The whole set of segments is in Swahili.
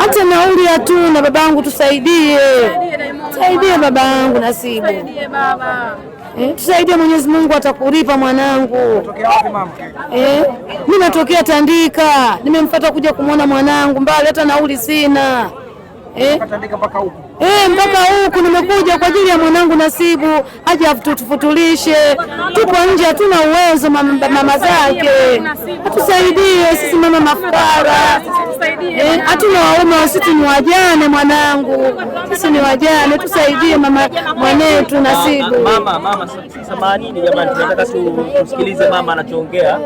hata nauli hatuna. Babangu, tusaidie, tusaidie babangu Nasibu, eh, tusaidie. Mwenyezi Mungu atakulipa mwanangu. Eh, mimi natokea Tandika, nimemfuata kuja kumwona mwanangu mbali, hata nauli sina eh. Eh, mpaka huku nimekuja kwa ajili ya mwanangu Nasibu aje atufutulishe. Tupo nje, hatuna uwezo, mama zake atusaidie sisi, mama mafukara eh, hatuna eh, waume wasitu ni wajane. Mwanangu sisi ni wajane, tusaidie mama mwanetu Nasibu. Mama, mama, sasa jamani? Tunataka tusikilize mama anachoongea.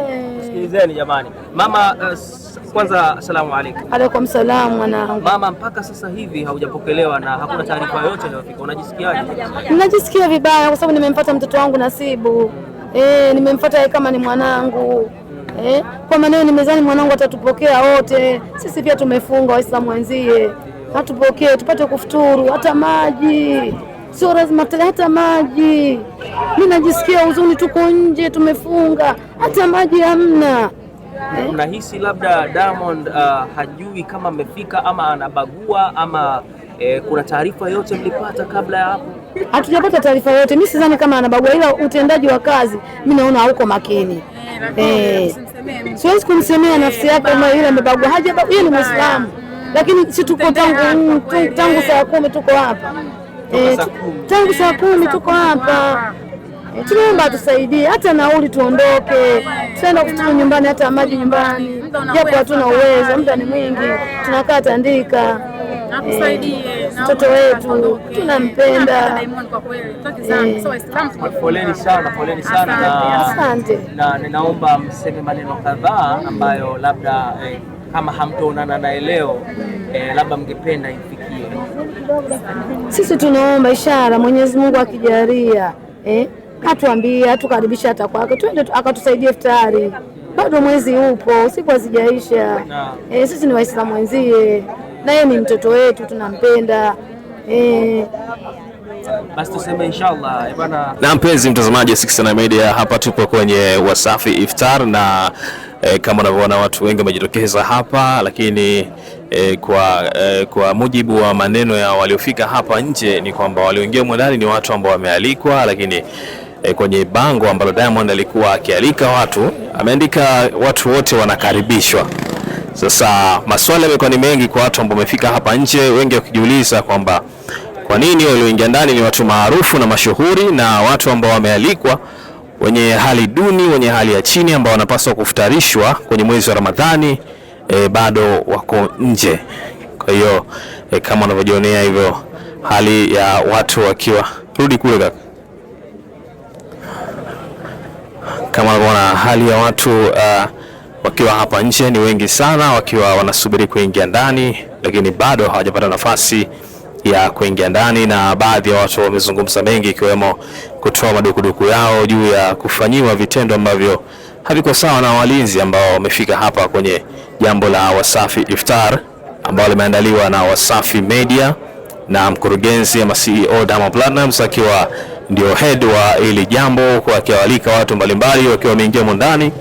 Sikilizeni jamani, mama uh, kwanza asalamu alaykum. Alaykum salaam mwanangu. Mama, mpaka sasa hivi haujapokelewa na hakuna taarifa yoyote inayofika, unajisikiaje? Ninajisikia vibaya kwa sababu nimempata mtoto wangu Nasibu. Eh, nimempata yeye kama ni mwanangu eh, kwa maneno nimezani mwanangu atatupokea wote. Sisi pia tumefunga Waislamu wenzie, hatupokee tupate kufuturu hata maji sio lazima hata maji. Mimi najisikia huzuni, tuko nje tumefunga, hata maji hamna. Unahisi labda Diamond uh, hajui kama amefika ama anabagua ama eh, kuna taarifa yote mlipata kabla ya hapo? Hatujapata taarifa yote. Mimi sidhani kama anabagua, ila utendaji wa kazi mimi naona hauko makini. Eh, eh. siwezi kumsemea nafsi yake kama yule amebagua, hajabagua. Yeye ni Muislamu, mm. lakini si tuko tangu tangu saa kumi tuko hapa Eh, tangu saa kumi tuko hapa eh, tunaomba tusaidie hata nauli tuondoke, tuenda kutuma nyumbani hata maji nyumbani, japo hatuna uwezo, muda ni mwingi, tunakaa Tandika. Eh, mtoto wetu tunampenda. Poleni sana, poleni sana asante, na ninaomba mseme maneno kadhaa ambayo labda kama hamtoonana naye leo labda mngependa sisi tunaomba ishara, Mwenyezi Mungu akijalia eh, atuambie atukaribisha hata kwake, twende akatusaidia iftari. Bado mwezi upo, siku hazijaisha eh, sisi ni Waislamu wenzie na yeye ni mtoto wetu, tunampenda eh. Basi tuseme inshallah eh, bwana. Na mpenzi mtazamaji wa 69 Media, hapa tupo kwenye Wasafi Iftar na eh, kama unavyoona watu wengi wamejitokeza hapa lakini e, kwa, e, kwa mujibu wa maneno ya waliofika hapa nje ni kwamba walioingia humo ndani ni watu ambao wamealikwa, lakini e, kwenye bango ambalo Diamond alikuwa akialika watu ameandika watu wote wanakaribishwa. Sasa maswali yamekuwa ni mengi kwa watu ambao wamefika hapa nje, wengi wakijiuliza kwamba kwa nini walioingia ndani ni watu maarufu na mashuhuri na watu ambao wamealikwa wenye hali duni, wenye hali ya chini ambao wanapaswa kufutarishwa kwenye mwezi wa Ramadhani e, bado wako nje. Kwa hiyo e, kama unavyojionea hivyo hali ya watu wakiwa rudi kule kaka, kama unavyoona hali ya watu uh, wakiwa hapa nje ni wengi sana, wakiwa wanasubiri kuingia ndani, lakini bado hawajapata nafasi ya kuingia ndani, na baadhi ya watu wamezungumza mengi, ikiwemo kutoa madukuduku yao juu ya kufanyiwa vitendo ambavyo haviko sawa na walinzi ambao wamefika hapa kwenye jambo la Wasafi Iftar ambao limeandaliwa na Wasafi Media na mkurugenzi ama CEO Diamond Platnumz akiwa ndio head wa ili jambo, wakiwaalika watu mbalimbali wakiwa wameingia humo ndani.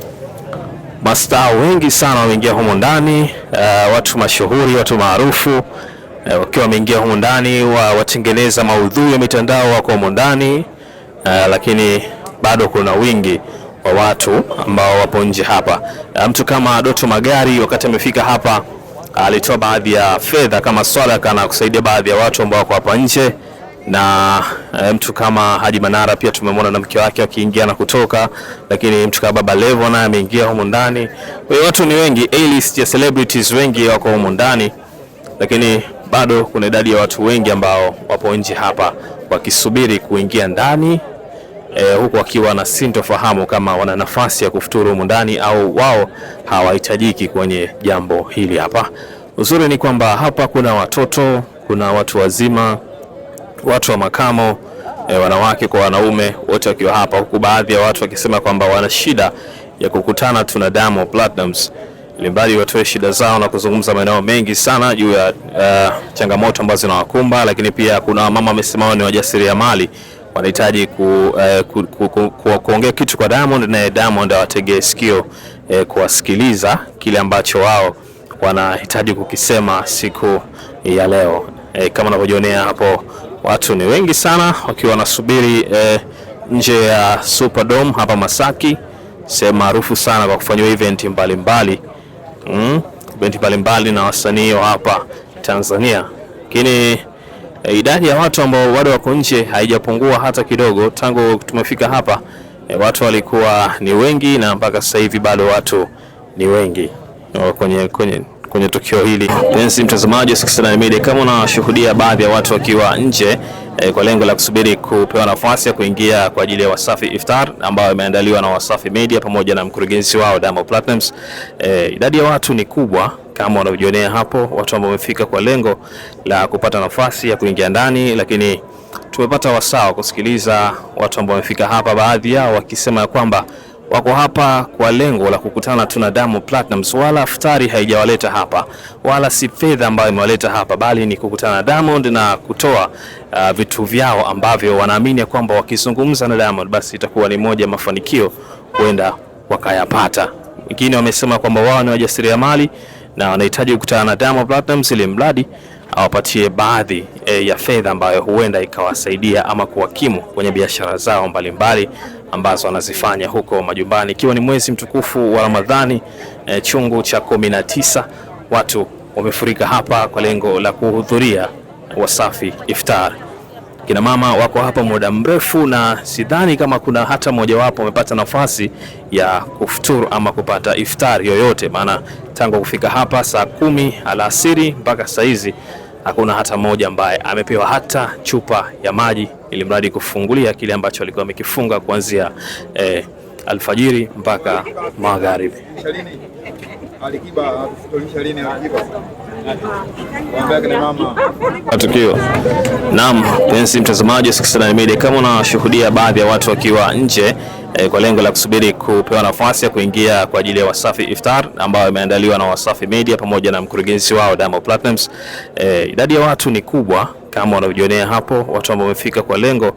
Mastaa wengi sana wameingia humo ndani, uh, watu mashuhuri, watu maarufu uh, wakiwa wameingia humo ndani, wa watengeneza maudhui ya mitandao wako humo ndani uh, lakini bado kuna wingi kwa watu ambao wapo nje hapa. Mtu kama Doto Magari wakati amefika hapa alitoa baadhi ya fedha kama sadaka na kusaidia baadhi ya watu ambao wako hapa nje na eh, mtu kama Haji Manara pia tumemwona na mke wake akiingia na kutoka, lakini mtu kama Baba Levo naye ameingia humo ndani. Kwa hiyo watu ni wengi, A list ya celebrities wengi wako humo ndani, lakini bado kuna idadi ya watu wengi ambao wapo nje hapa wakisubiri kuingia ndani e, huku wakiwa na sintofahamu kama wana nafasi ya kufuturu humu ndani au wao hawahitajiki kwenye jambo hili hapa. Uzuri ni kwamba hapa kuna watoto, kuna watu wazima, watu wa makamo e, wanawake kwa wanaume wote wakiwa hapa, huku baadhi ya watu wakisema kwamba wana shida ya kukutana tuna Diamond Platnumz limbali watoe shida zao na kuzungumza maeneo mengi sana juu ya uh, changamoto ambazo zinawakumba, lakini pia kuna mama amesimama ni wajasiriamali wanahitaji ku, eh, ku, ku, ku, ku, kuongea kitu kwa Diamond na Diamond awategee sikio eh, kuwasikiliza kile ambacho wao wanahitaji kukisema siku ya leo. Eh, kama unavyojionea hapo watu ni wengi sana wakiwa wanasubiri eh, nje ya Superdome hapa Masaki, sehemu maarufu sana kwa kufanyiwa event mbalimbali mbali. Mm, event mbalimbali na wasanii wa hapa Tanzania lakini e, idadi ya watu ambao bado wako nje haijapungua hata kidogo. Tangu tumefika hapa e, watu walikuwa ni wengi na mpaka sasa hivi bado watu ni wengi o, oh, kwenye, kwenye, kwenye tukio hili. Penzi mtazamaji wa 69 Media, kama unashuhudia baadhi ya watu wakiwa nje eh, kwa lengo la kusubiri kupewa nafasi ya kuingia kwa ajili ya Wasafi Iftar ambayo imeandaliwa na Wasafi Media pamoja na mkurugenzi wao Diamond Platnumz. eh, idadi ya watu ni kubwa kama wanavyojionea hapo, watu ambao wamefika kwa lengo la kupata nafasi ya kuingia ndani, lakini tumepata wasaa wa kusikiliza watu ambao wamefika hapa, baadhi yao wakisema ya kwamba wako hapa kwa lengo la kukutana tu na Diamond wala futari haijawaleta hapa, wala si fedha ambayo imewaleta hapa, bali ni kukutana na Diamond na kutoa uh, vitu vyao ambavyo wanaamini kwamba wakizungumza na Diamond basi itakuwa ni moja mafanikio huenda wakayapata. Wengine wamesema kwamba wao ni wajasiriamali na wanahitaji kukutana na Diamond Platnumz ili mradi awapatie baadhi e, ya fedha ambayo huenda ikawasaidia ama kuwakimu kwenye biashara zao mbalimbali mbali, ambazo wanazifanya huko majumbani, ikiwa ni mwezi mtukufu wa Ramadhani e, chungu cha kumi na tisa. Watu wamefurika hapa kwa lengo la kuhudhuria Wasafi Iftar. Kina mama wako hapa muda mrefu, na sidhani kama kuna hata mmojawapo amepata nafasi ya kufuturu ama kupata iftar yoyote, maana tangu kufika hapa saa kumi alasiri mpaka saa hizi hakuna hata mmoja ambaye amepewa hata chupa ya maji, ili mradi kufungulia kile ambacho alikuwa amekifunga kuanzia eh, alfajiri mpaka magharibi matukio Naam, penzi mtazamaji wa 69 Media, kama unashuhudia baadhi ya watu wakiwa nje eh, kwa lengo la kusubiri kupewa nafasi ya kuingia kwa ajili ya Wasafi Iftar ambayo imeandaliwa na Wasafi Media pamoja na mkurugenzi wao Diamond Platnumz. Eh, idadi ya watu ni kubwa kama wanavyojionea hapo, watu ambao wamefika kwa lengo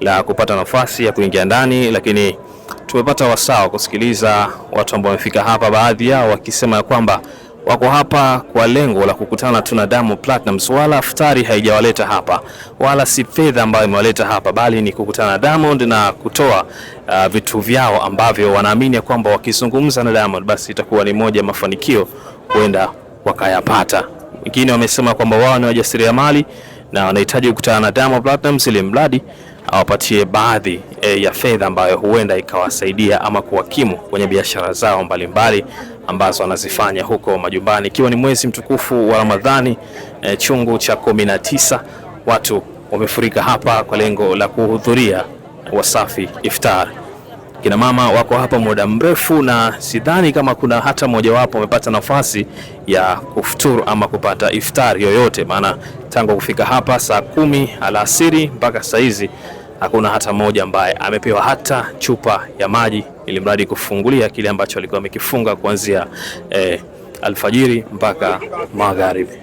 la kupata nafasi ya kuingia ndani, lakini tumepata wasaa kusikiliza watu ambao wamefika hapa, baadhi yao wakisema ya kwamba wako hapa kwa lengo la kukutana tu na Diamond Platnumz, wala aftari haijawaleta hapa, wala si fedha ambayo imewaleta hapa, bali ni kukutana na Diamond na kutoa uh, vitu vyao ambavyo wanaamini ya kwamba wakizungumza na Diamond basi itakuwa ni moja mafanikio huenda wakayapata. Wengine wamesema kwamba wao ni wajasiriamali na wanahitaji kukutana na Diamond Platnumz ili mradi awapatie baadhi eh, ya fedha ambayo huenda ikawasaidia ama kuwakimu kwenye biashara zao mbalimbali mbali ambazo anazifanya huko majumbani, ikiwa ni mwezi mtukufu wa Ramadhani e, chungu cha kumi na tisa. Watu wamefurika hapa kwa lengo la kuhudhuria Wasafi Iftar. Kina mama wako hapa muda mrefu, na sidhani kama kuna hata mmoja wapo amepata nafasi ya kufuturu ama kupata iftar yoyote, maana tangu kufika hapa saa kumi alasiri mpaka saa hizi hakuna hata mmoja ambaye amepewa hata chupa ya maji ili mradi kufungulia kile ambacho alikuwa amekifunga kuanzia eh, alfajiri mpaka magharibi.